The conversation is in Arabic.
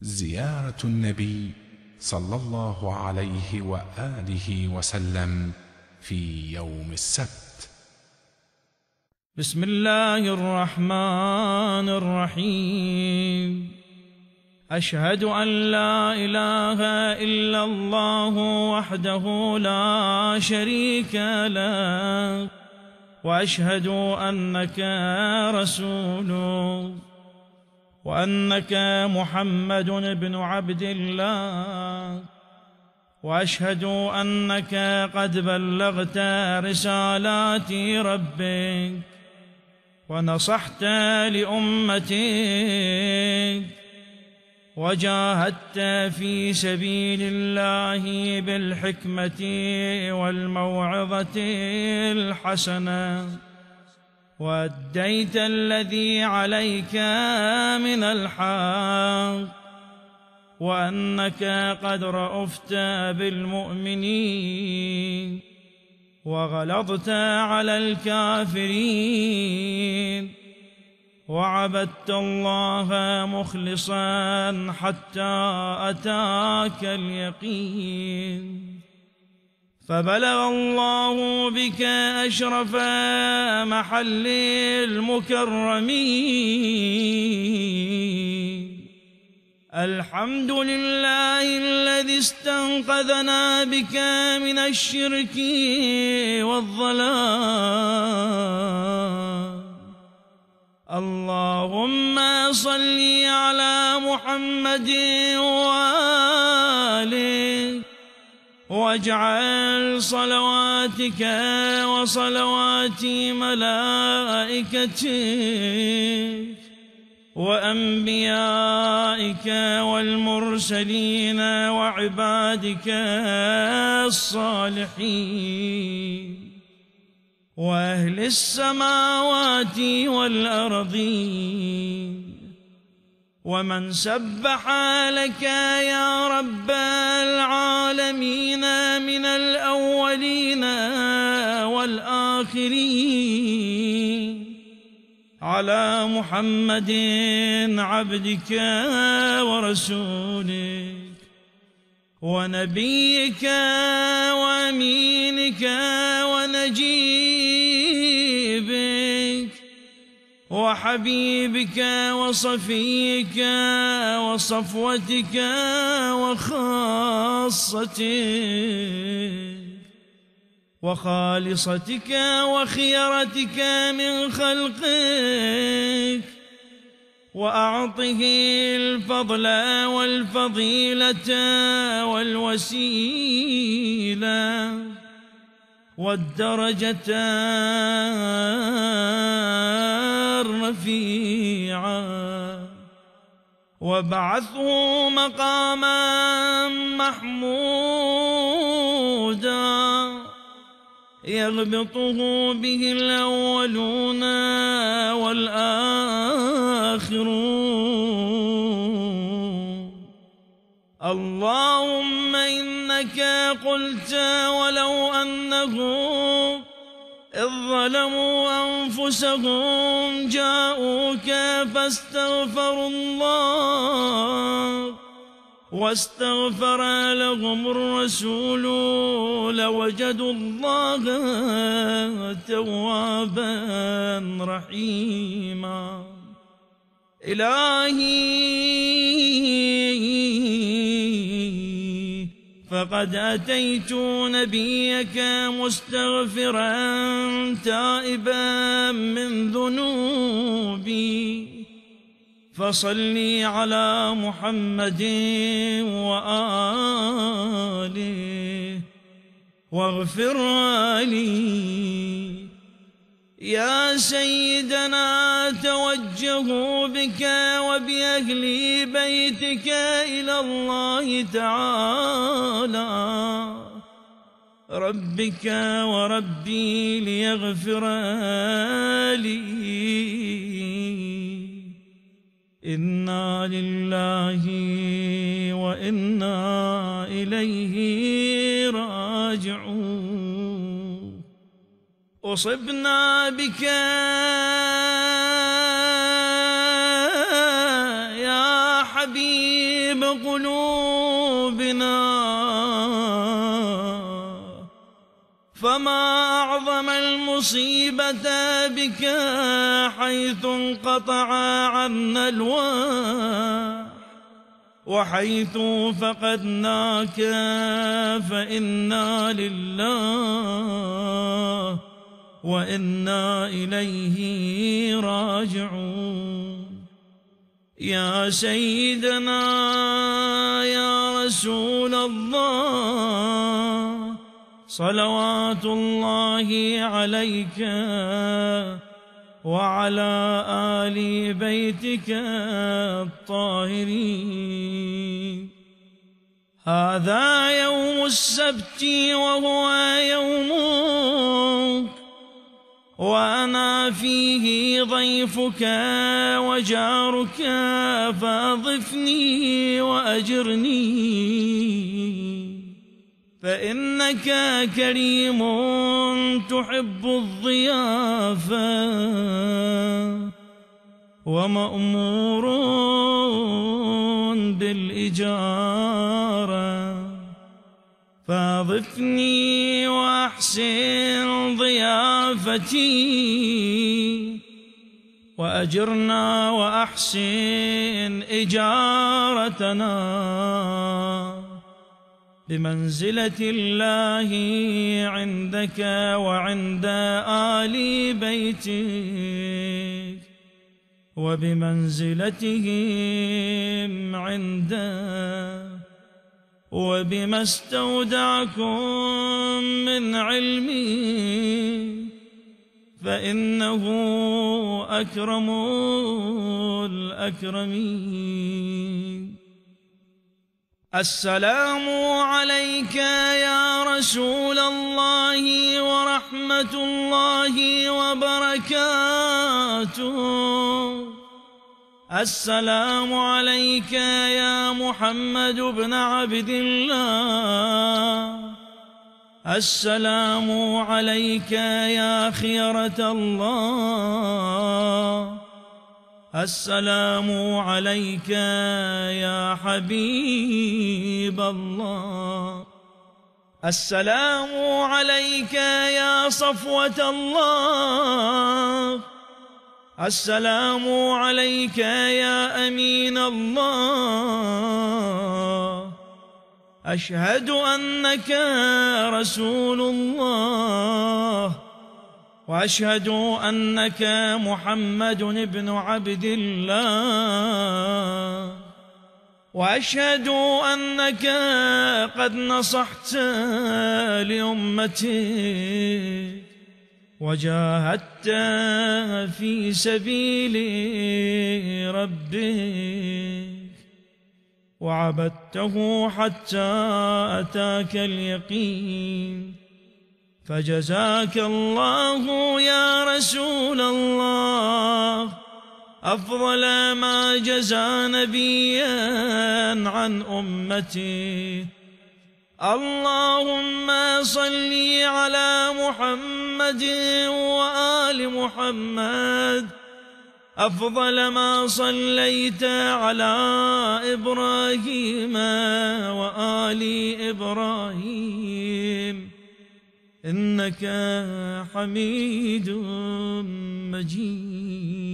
زيارة النبي صلى الله عليه وآله وسلم في يوم السبت بسم الله الرحمن الرحيم أشهد أن لا إله إلا الله وحده لا شريك له وأشهد أنك رسوله وأنك محمد بن عبد الله وأشهد أنك قد بلغت رسالات ربك ونصحت لأمتك وجاهدت في سبيل الله بالحكمة والموعظة الحسنة وأديت الذي عليك من الحق وأنك قد رأفت بالمؤمنين وغلظت على الكافرين وعبدت الله مخلصا حتى أتاك اليقين فبلغ الله بك أشرف محل المكرمين الحمد لله الذي استنقذنا بك من الشرك والضلال اللهم صل على محمد وآله واجعل صلواتك وصلوات ملائكتك وأنبيائك والمرسلين وعبادك الصالحين وأهل السماوات والأرضين ومن سبح لك يا رب العالمين من الأولين والآخرين على محمد عبدك ورسولك ونبيك وامينك ونجيك وحبيبك وصفيك وصفوتك وخاصتك وخالصتك وخيرتك من خلقك وأعطه الفضل والفضيلة والوسيلة والدرجة رفيعا وابعثه مقاما محمودا يربطه به الأولون والآخرون اللهم إنك قلت ولو أنهم إذ ظلموا أنفسهم جاءوك فاستغفروا الله واستغفر لهم الرسول لوجدوا الله توابا رحيما إلهي فقد أتيتون نبيك مستغفرا تائبا من ذنوبي فصلي على محمد وآله واغفر لي يا سيدنا توجهوا بك وبأهل بيتك إلى الله تعالى ربك وربي ليغفر لي إنا لله وإنا إليه راجعون أصبنا بك يا حبيب قلوبنا فما أعظم المصيبة بك حيث انقطع عنا الواح وحيث فقدناك فإنا لله وإنا إليه راجعون يا سيدنا يا رسول الله صلوات الله عليك وعلى آل بيتك الطاهرين هذا يوم السبت وهو يومك وأنا فيه ضيفك وجارك فأضفني وأجرني فإنك كريم تحب الضيافة ومأمور بالإجارة فاضفني واحسن ضيافتي واجرنا واحسن اجارتنا بمنزله الله عندك وعند ال بيتك وبمنزلتهم عندك وبما استودعكم من علمي فإنه أكرم الأكرمين السلام عليك يا رسول الله ورحمة الله وبركاته السلام عليك يا محمد بن عبد الله السلام عليك يا خيرة الله السلام عليك يا حبيب الله السلام عليك يا صفوة الله السلام عليك يا أمين الله أشهد أنك رسول الله وأشهد أنك محمد بن عبد الله وأشهد أنك قد نصحت لأمتي وجاهدت في سبيل ربك وعبدته حتى أتاك اليقين فجزاك الله يا رسول الله أفضل ما جزى نبيا عن أمته اللهم صل على محمد وآل محمد أفضل ما صليت على إبراهيم وآل إبراهيم إنك حميد مجيد